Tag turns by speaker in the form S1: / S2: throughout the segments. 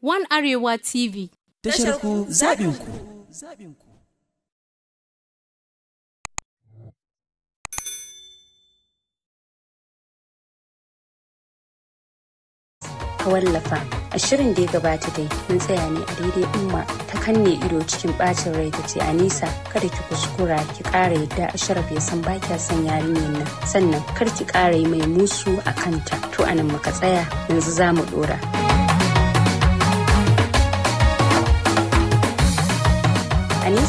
S1: One Arewa TV. Tashar ku zaɓin ku. wallafa a shirin da ya gabata dai mun tsaya ne a daidai umma ta kanne ido cikin ɓacin rai ta ce anisa kada ki kuskura ki ƙara yadda sharaf ya san ba kya son yarinyar nan sannan kar ki ƙara yi mai musu a kanta to anan muka tsaya yanzu za mu ɗora.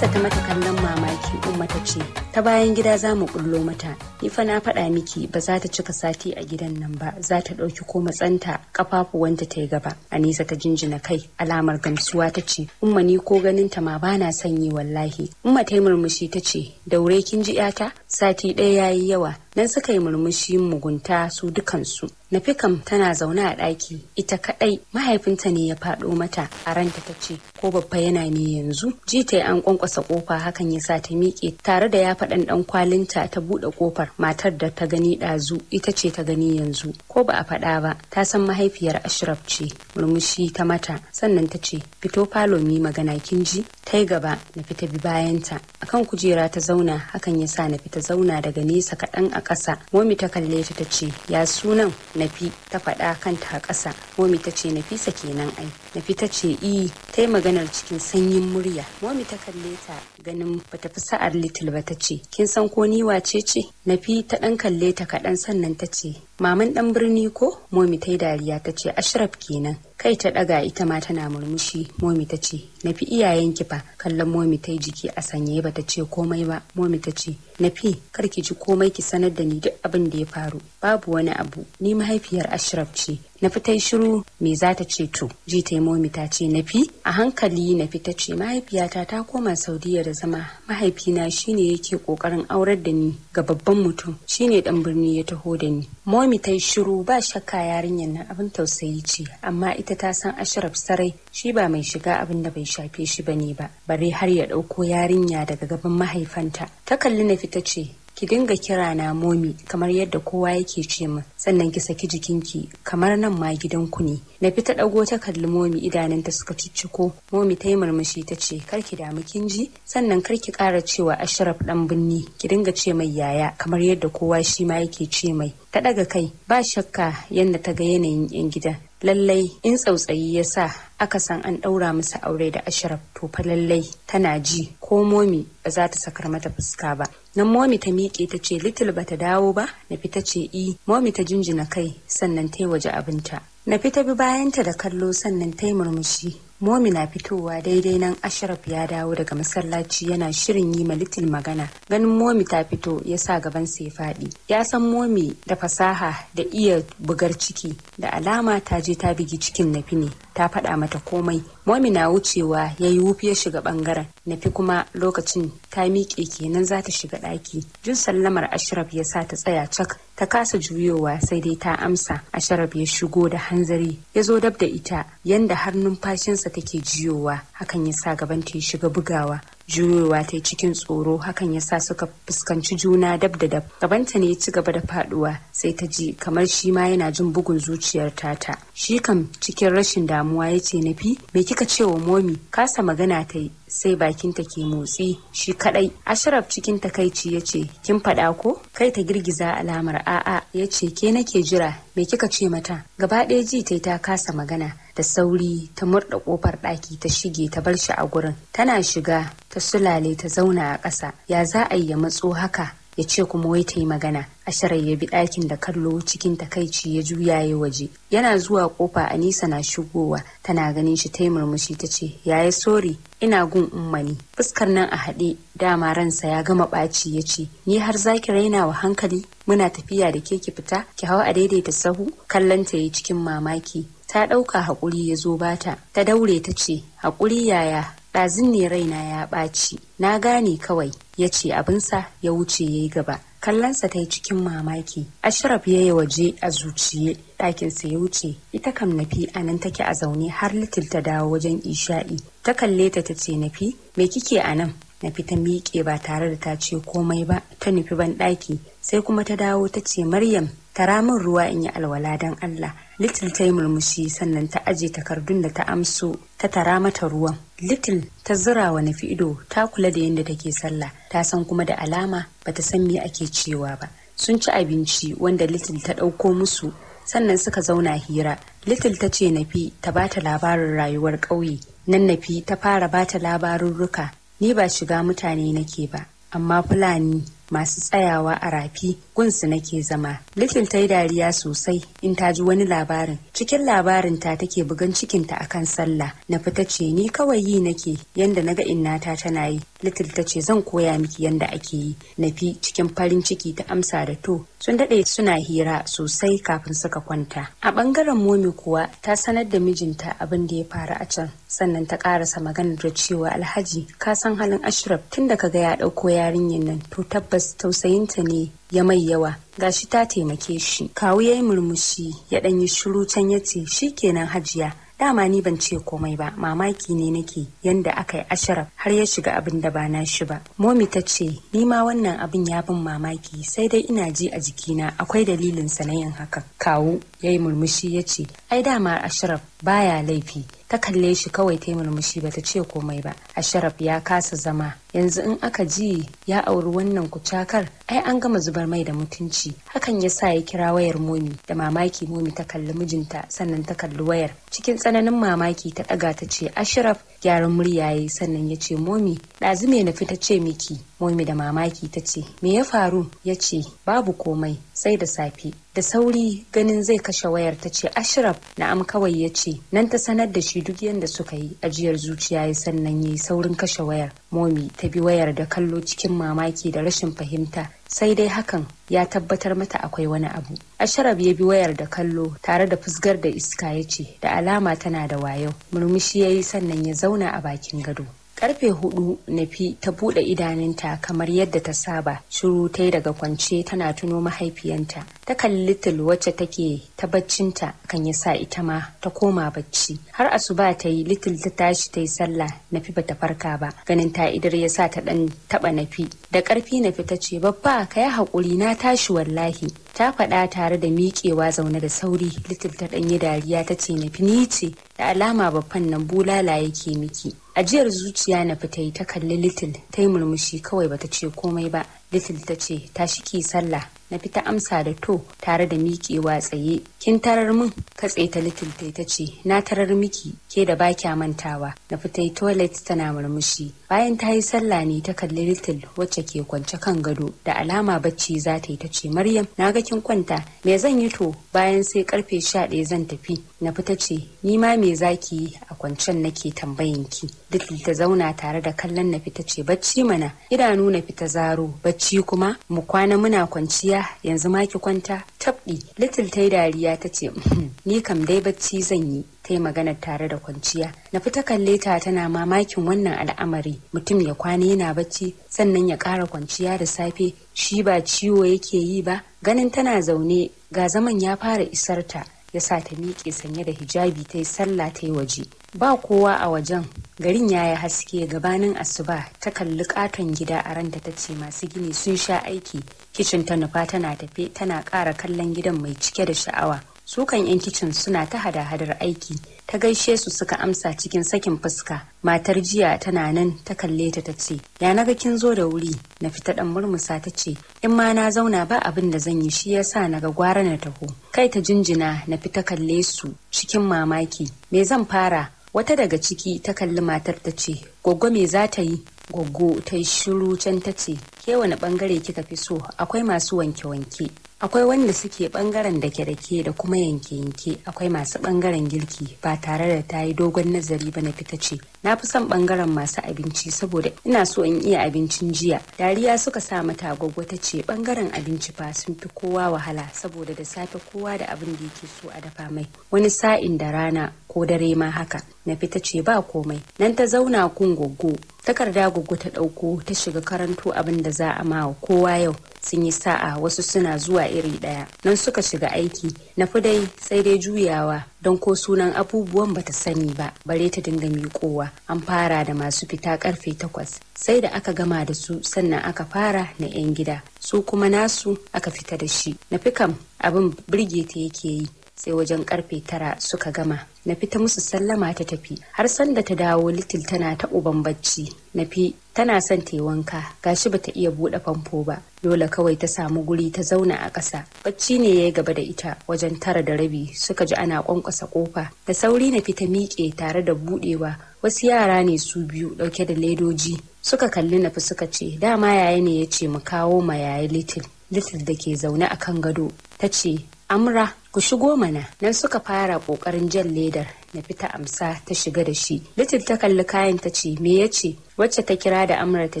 S1: Hafsa ta mata kallon mamaki Umma ta ce, ta bayan gida za mu kullo mata ni fa na faɗa miki ba za ta cika sati a gidan nan ba za ta ɗauki ko matsanta kafafuwanta ta yi gaba anisa ta jinjina kai alamar gamsuwa ta ce umma ni ko ganin ta ma bana sanyi wallahi umma ta yi murmushi ta ce daure kin ji yata sati ɗaya ya yi yawa nan suka yi murmushi mugunta su dukansu nafikam tana zaune a ɗaki ita kaɗai mahaifinta ne ya faɗo mata a ranta ta ce ko babba yana ne yanzu ji ta an kwankwasa ƙofa. hakan ya sa ta miƙe tare da ya faɗan ɗan kwalinta ta buɗe ƙofar matar da ta gani ɗazu ita ce ta gani yanzu ko ba a faɗa ba ta san mahaifiyar ashraf ce murmushi ta mata sannan ta ce fito falo mi magana kin ji ta yi gaba na fita bi bayanta akan kujera ta zauna hakan ya sa na fita zauna daga nesa kaɗan a ƙasa momi ta kalle ta ta ce ya sunan na fi ta faɗa kanta a ƙasa momi ta ce na nafisa kenan ai fi ta ce i ta yi maganar cikin sanyin murya momi ta kalle ta ganin bata fi sa'ar little ba ta ce kin san ko ni wace ce na fi ta ɗan kalle ta kaɗan sannan ta ce maman ɗan birni ko momi ta yi dariya ta ce ashraf kenan kai ta ɗaga ita ma tana murmushi momi ta ce na fi iyayen kifa kallon momi ta yi jiki a sanye ba ta ce komai ba momi ta ce nafi kar ki ji komai ki sanar da ni duk abin da ya faru babu wani abu ni mahaifiyar ashraf ce na fi ta yi shiru me za ta ce to ji momi ta ce na fi. a hankali na fita ce mahaifiyata ta koma saudiya da zama mahaifina shine yake kokarin aurar da ni ga babban mutum shine dan birni ya taho da ni momi ta yi shiru ba shakka yarinyar na abin tausayi ce amma ita ta san ashraf sarai shi ba mai shiga abin da bai shafe shi ba ne ba bare har ya ɗauko yarinya daga gaban mahaifanta ta kalli na fita ce ki dinga kira na momi kamar yadda kowa yake ce min sannan ki saki jikinki kamar nan ma gidanku ne na fita ɗago ta kalli momi idanunta suka cicciko momi ta yi murmushi ta ce kar ki damu kin ji sannan kar ki ƙara cewa ashraf ɗan binni ki dinga ce mai yaya kamar yadda kowa shi ma yake ce mai ta ɗaga kai ba shakka yadda ta ga yanayin yan gidan lallai in tsautsayi ya sa aka san an ɗaura musu aure da ashraf to fa lallai tana ji ko momi ba za ta sakar mata fuska ba nan momi ta miƙe ta ce little ba ta dawo ba na fita ce i eh. momi ta jinjina kai sannan ta yi waje abinta na fita bi bayanta da kallo sannan ta yi murmushi Momi na fitowa daidai nan Ashraf ya dawo daga masallaci yana shirin yi ma Little magana. Ganin Momi ta fito ya sa gaban sa ya faɗi. Ya san Momi da fasaha da iya bugar ciki da alama ta je ta bigi cikin na fini. ta faɗa mata komai momi na wucewa ya yi wufi ya shiga bangaren nafi kuma lokacin ta miƙe kenan za ta shiga ɗaki jin sallamar ashraf ya sa ta tsaya cak ta kasa juyowa sai dai ta amsa ashraf ya shigo da hanzari ya zo dab da ita yanda har numfashinsa take jiyowa hakan ya sa gaban ta ya shiga bugawa juyowa ta cikin tsoro hakan yasa suka fuskanci juna dab da dab gabanta ne ya ci gaba da faduwa sai ta ji kamar shi ma yana jin bugun zuciyar tata shi kam cikin rashin damuwa ya ce nafi me kika ce wa momi kasa magana ta yi sai bakinta ke motsi shi kadai ashraf cikin takaici ya ce kin faɗa ko kai ta girgiza alamar a'a ya ce ke nake jira me kika ce mata gaba ɗaya ji ta ta kasa magana da sauri ta murda kofar ɗaki ta shige ta bar shi a gurin tana shiga ta sulale ta zauna a ƙasa ya za a yi ya matso haka ya ce kuma wai ta yi magana ashirar ya bi ɗakin da kallo cikin takaici ya juya ya waje yana zuwa ƙofa a anisa na shigowa tana ganin shi ta murmushi ta ce yaya sori ina gun ummani fuskar nan a haɗe dama ransa ya gama ɓaci ya ce ni har zaki raina wa hankali muna tafiya da ke ki fita ki hau a daidaita sahu kallon ta yi cikin mamaki ta ɗauka hakuri ya zo bata ta daure ta ce haƙuri yaya ɗazin ne raina ya ɓaci na gane kawai ya ce abinsa ya wuce ya yi gaba kallonsa ta yi cikin mamaki ashraf ya yi waje a zuciye ɗakinsa ya wuce ita kam nafi a nan take a zaune har litil ta dawo wajen isha'i ta kalle ta ta ce nafi me kike a nan na fita miƙe ba tare da ta ce komai ba ta nufi banɗaki sai kuma ta dawo ta ce maryam tara min ruwa in yi alwala don allah little ta yi murmushi sannan ta aje takardun da ta amso ta tara mata ruwan little ta zura wa nufi ido ta kula da yadda take sallah ta san kuma da alama ba ta san me ake cewa ba sun ci abinci wanda little ta ɗauko musu sannan suka zauna hira little ta ce nafi ta bata labarin rayuwar ƙauye nan nafi ta fara bata labarurruka ni ba shiga mutane nake ba amma fulani masu tsayawa a rafi gunsu nake zama little ta yi dariya sosai in ta ji wani labarin cikin labarin ta take bugan cikinta akan sallah na fita ce ni kawai yi nake yanda naga inna ta tana yi Little ta ce zan koya miki yadda ake yi. Nafi cikin farin ciki ta amsa da to sun daɗe suna hira sosai kafin suka kwanta. A ɓangaren momi kuwa ta sanar da mijinta abin da ya faru a can. Sannan ta ƙarasa magana da cewa Alhaji ka san halin Ashraf tun da ka ya ɗauko yarinyar nan to tabbas tausayinta ne ya mai yawa gashi ta taimake shi. Kawu ya yi murmushi ya ɗanyi shiru can ya ce kenan hajiya. dama ni ban ce komai ba mamaki ne nake yanda aka yi asharaf har ya shiga abin da ba na shi ba momi ta ce ni ma wannan abin ya bin mamaki sai dai ina ji a jikina akwai dalilin sa na yin haka. kawu ya yi murmushi ya ce ai dama asharaf baya laifi ta kalle shi kawai ta yi murmushi ba ta ce komai ba asharaf ya kasa zama yanzu in aka ji ya auri wannan kucakar ai an gama zubar mai da mutunci hakan ya sa ya kira wayar momi da mamaki momi ta kalli mijinta sannan ta kalli wayar cikin tsananin mamaki ta ɗaga ta ce ashraf gyaran murya ya yi sannan ya ce momi ɗazu me na fita ce miki momi da mamaki ta ce me ya faru ya ce babu komai sai da safe da sauri ganin zai kashe wayar ta ce ashraf na'am kawai ya ce nan ta sanar da shi duk yadda suka yi ajiyar zuciya ya sannan ya yi saurin kashe wayar momi ta bi wayar da kallo cikin mamaki da rashin fahimta sai dai hakan ya tabbatar mata akwai wani abu asharaf ya bi wayar da kallo tare da fusgar da iska ya ce da alama tana da wayo murmushi ya yi sannan ya zauna a bakin gado karfe hudu nafi ta bude idanunta kamar yadda ta saba shiru ta daga kwance tana tuno mahaifiyanta ta kalli little wacce take ta baccinta kan ya sa ita ma ta koma bacci har asuba ta yi little ta tashi ta yi sallah nafi bata farka ba ganin ta idar ya sa ta dan taba nafi da karfi nafi ta ce babba ka yi hakuri na tashi wallahi ta faɗa tare da miƙewa zaune da sauri little ta yi dariya ta ce nafi ni ce da alama babban nan bulala yake miki ajiyar zuciya na fita ta kalli little ta yi murmushi kawai bata ce komai ba little ta ce ta shiki sallah na fita amsa da to tare da miƙewa tsaye kin tarar min katse ta little ta ta ce na tarar miki ke da bakya mantawa na fita toilet tana murmushi bayan ta yi sallah ne ta kalli little wacce ke kwance kan gado da alama bacci za ta yi ta ce maryam na ga kin kwanta me zan yi to bayan sai karfe sha ɗaya zan tafi na fita ce ni ma me zaki yi a kwancen nake tambayin ki duk ta zauna tare da kallon na fita ce bacci mana idanu na fita zaro bacci kuma mu kwana muna kwanciya yanzu ma ki kwanta tabdi little tai dariya ta ce uhm, ni kam dai bacci zan yi ta yi magana tare da kwanciya na fita kalle ta tana mamakin wannan al'amari mutum ya kwana yana bacci sannan ya kara kwanciya da safe shi ba ciwo yake yi ba ganin tana zaune ga zaman ya fara isarta ya sa ta miƙe sanye da hijabi ta yi sallah ta yi waje ba kowa a wajen garin ya yi haske gabanin asuba ta kalli katon gida a ranta ta ce masu gini sun sha aiki kicin ta nufa tana tafe tana ƙara kallon gidan mai cike da sha'awa sukan 'yan kicin suna ta hada-hadar aiki ta gaishe su suka amsa cikin sakin fuska matar jiya tana nan ta kalle ta ta ce ya naga kin zo da wuri na fita dan murmusa ta ce in ma na zauna ba abin da zan yi shi yasa naga gwara na taho kai ta jinjina na fita kalle su cikin mamaki me zan fara wata daga ciki ta kalli matar ta ce Goggo me za ta yi Goggo ta yi shiru can ta ce ke wani bangare kika fi so akwai masu wanke-wanke akwai wanda suke bangaren da ke rake da kuma yanke-yanke akwai masu bangaren girki ba tare da ta yi dogon nazari ba na fita ce na fi son bangaren masu abinci saboda ina so in iya abincin jiya dariya suka sa mata gwaggo ta ce bangaren abinci fa sun fi kowa wahala saboda da safe kowa da abin da yake so a dafa mai wani sa'in da rana ko dare ma haka na fita ce ba komai nan ta zauna kun goggo takarda goggo ta ɗauko ta shiga karanto abin da za a ma kowa yau sun yi sa'a wasu suna zuwa iri ɗaya nan suka shiga aiki na dai sai dai juyawa don ko sunan abubuwan bata sani ba bare ta dinga miƙowa an fara da masu fita karfe takwas sai da aka gama da su sannan aka fara na 'yan gida su kuma nasu aka fita da shi na fi kam abin birgeta yake yi sai wajen karfe tara suka gama na fita musu sallama ta tafi har sanda ta dawo little tana ta uban bacci na fi tana son ta yi wanka gashi bata iya buɗe famfo ba dole kawai ta samu guri ta zauna a ƙasa bacci ne ya gaba da ita wajen tara da rabi suka ji ana kwankwasa ƙofa da sauri na fi ta miƙe tare da buɗewa wasu yara ne su biyu ɗauke da ledoji suka kalli na fi suka ce dama yaya ne ya ce mu kawo ma yaya little little da ke zaune a kan gado ta ce amra ku shigo mana nan suka fara kokarin jan ledar na fita amsa ta shiga da shi Little ta kalli kayan ta ce me ya ce wacce ta kira da amra ta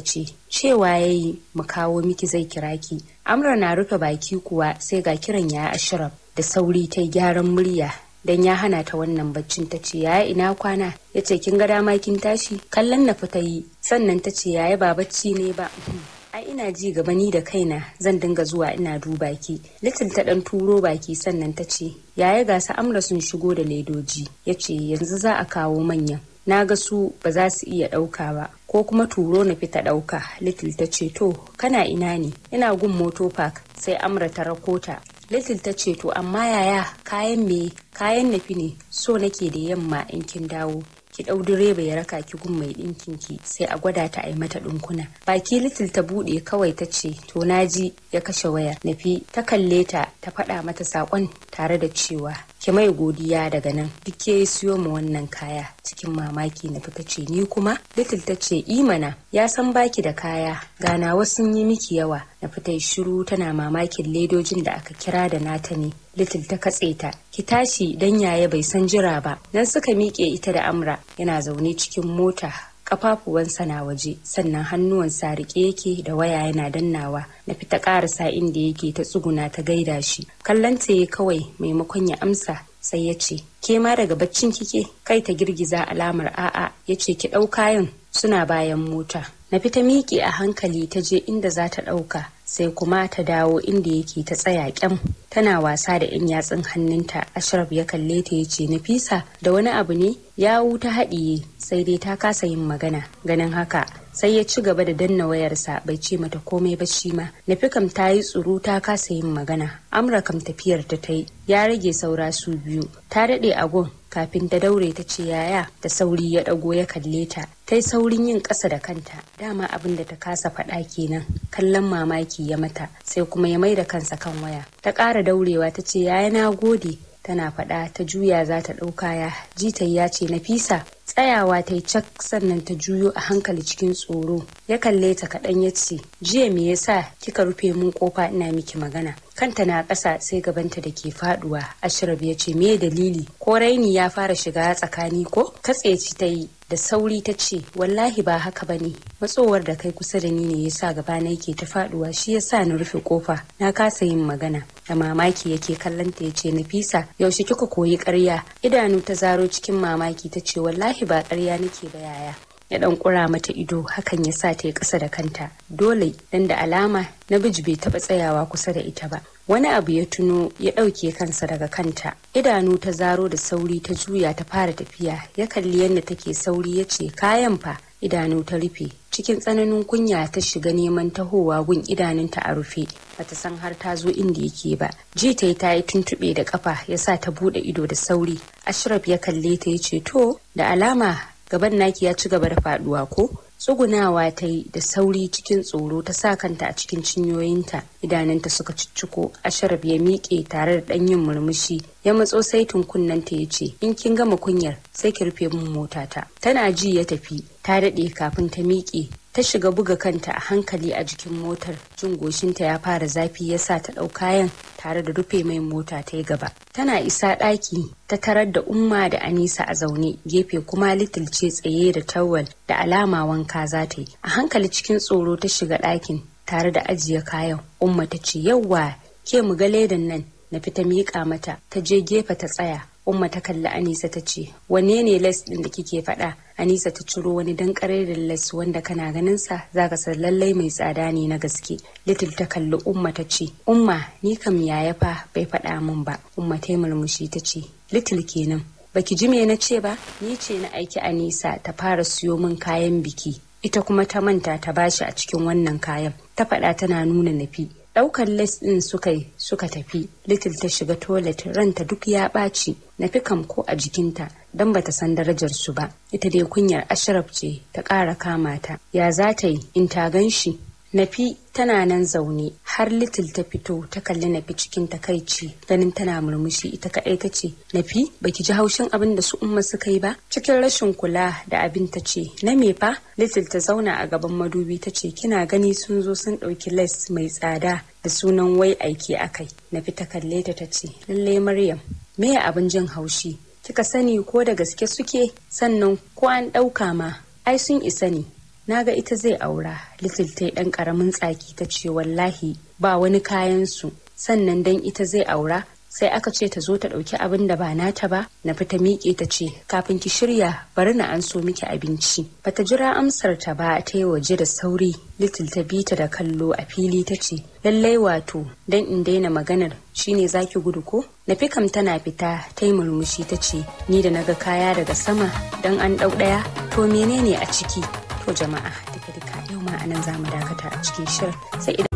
S1: ce cewa ya yi mu kawo miki zai kira ki amra na rufe baki kuwa sai ga kiran ya ashirar da sauri ta gyaran murya dan ya hana ta wannan baccin ta ce yaya ina kwana ya ce kin ga dama kin tashi kallon na fita yi sannan ta ce yaya ba bacci ne ba ina ji gaba ni da kaina zan dinga zuwa ina duba ki little ta dan turo baki sannan ta ce yaya gasa amra sun shigo da ledoji ya ce yanzu za a kawo manyan na ga su ba za su iya ɗauka ba ko kuma turo na fita ɗauka little ta ce to kana ina ne ina gun moto park sai amra ta rakota little ta ce to amma yaya kayan me kayan nafi ne so nake da yamma in kin dawo ki ɗau direba ya raka ki gun mai ɗinkin ki sai a gwada ta a yi mata ɗinkuna baki little ta buɗe kawai ta ce to naji ya kashe wayar nafi ta kalle ta ta faɗa mata saƙon tare da cewa ki mai godiya daga nan duk ya siyo mu wannan kaya cikin mamaki na fita ce ni kuma little ta ce imana ya san baki da kaya gana sun yi miki yawa na fita shiru tana mamakin ledojin da aka kira da nata ne little ta katse ta ki tashi dan yaya bai san jira ba nan suka miƙe ita da amra yana zaune cikin mota kafafuwansa na waje sannan sa rike yake da waya yana dannawa na fita karasa inda yake ta tsuguna ta gaida shi kallanta ya kawai maimakon ya amsa sai ya ce ke ma daga baccin kike kai ta girgiza alamar a'a ya ce ki ɗau kayan suna bayan mota na fita miƙe a hankali ta je inda za ta ɗauka sai kuma ta dawo inda yake ta tsaya kyam tana wasa da yan yatsun hannunta ashraf ya kalle ta ya ce nafisa da wani abu ne yawu ta haɗiye sai dai ta kasa yin magana ganin haka sai ya ci gaba da danna wayarsa bai ce mata komai ba shi ma nafi kam ta yi tsoro ta kasa yin magana amra kam tafiyar ta ta yi ya rage saura su biyu ta daɗe agon kafin ta daure ta ce yaya da sauri ya ɗago ya kalle ta ta yi saurin yin ƙasa da kanta dama abin da ta kasa faɗa kenan kallon mamaki ya mata sai kuma ya mai da kansa kan waya ta ƙara daurewa ta ce yaya na gode tana faɗa ta juya za ta ɗauka ya Ji yi ya ce na fisa? Tsayawa ta yi cak sannan ta juyo a hankali cikin tsoro. Ya kalle ta kaɗan ya ce, Jiya me yasa kika rufe mun kofa ina miki magana? Kanta na ƙasa sai gabanta da ke faɗuwa. ashirab ya ce, Me dalili? Ko raini ya fara shiga tsakani ko? Katse ci ta yi da sauri ta ce wallahi ba haka ba ne matsowar da kai kusa da ni ne ya sa gaba na yake ta faduwa shi ya sa na rufe kofa na kasa yin magana da mamaki yake kallon ta ce nafisa yaushe kika koyi karya idanu ta zaro cikin mamaki ta ce wallahi ba karya nake ba yaya ya dan kura mata ido hakan ya sa ta yi ƙasa da kanta dole dan da alama na namiji bai taba tsayawa kusa da ita ba wani abu ya tuno ya ɗauke kansa daga kanta idanu ta zaro da sauri ta juya ta fara tafiya ya kalli yadda take sauri ya ce kayan fa idanu ta rufe cikin tsananin kunya ta shiga neman tahowa gun idanunta a rufe bata san har ta zo inda yake ba ji ta yi ta tuntuɓe da kafa ya sa ta buɗe ido da sauri ashraf ya kalle ta ya ce to da alama gaban naki ya ci gaba da faduwa ko tsugunawa ta yi da sauri cikin tsoro ta sa kanta a cikin cinyoyinta idanunta suka cicciko asharaf ya miƙe tare da ɗanyin murmushi ya matso saitin kunnenta ya ce in kin gama kunyar sai ki rufe min motata tana ji ya tafi ta daɗe kafin ta miƙe ta shiga buga kanta a hankali a jikin motar jin goshinta ya fara zafi ya sa ta ɗau kayan tare da rufe mai mota ta yi gaba tana isa ɗaki ta tarar da umma da anisa a zaune gefe kuma little ce tsaye da tawal da alama wanka za ta yi a hankali cikin tsoro ta shiga ɗakin tare da ajiye kayan umma ta ce yawwa ke mu ga ledan nan na fita miƙa mata ta je gefe ta tsaya umma ta kalli anisa ta ce wanne ne les ɗin da kike faɗa anisa ta ciro wani dan da las wanda kana ganin sa ka san lallai mai tsada ne na gaske little ta kalli umma ta ce umma ni kam yaya fa bai faɗa min ba umma ta murmushi ta ce little kenan baki ji me na ce ba ni ce na aiki anisa ta fara siyo min kayan biki ita kuma ta manta ta bashi a cikin wannan kayan ta faɗa tana nuna nafi daukar les din suka yi suka tafi little ta shiga toilet ranta duk ya ɓaci na fi ko a jikinta don bata san darajar su ba ita dai kunyar ashraf ce ta ƙara kama ta ya za ta yi in ta gan shi Nafi tana nan zaune har Little ta fito ta kalli Nafi cikin takaici ganin tana murmushi ita kaɗai ta ce Nafi baki ji haushin abin da su umma suka yi ba cikin rashin kula da abin ta ce na me fa Little ta zauna a gaban madubi ta ce kina gani sun zo sun ɗauki les mai tsada da sunan wai aiki akai Nafi ta kalle ta ta ce lalle Maryam me abin jin haushi kika sani ko da gaske suke sannan ko an ɗauka ma ai sun isa ne na ga ita zai aura little ta ɗan karamin tsaki ta ce wallahi ba wani kayan su sannan dan ita zai aura sai aka ce ta zo ta ɗauki abin da ba nata ba na fita miƙe ta ce kafin ki shirya bari na an so miki abinci bata jira amsar ta ba ta yi waje da sauri little ta bi ta da kallo a fili ta ce lallai wato dan in daina maganar shine zaki gudu ko na kam tana fita ta yi murmushi ta ce ni da naga kaya daga sama dan an ɗau ɗaya to menene a ciki jama'a duka duka yau ma anan za mu dakata a cikin shirin sai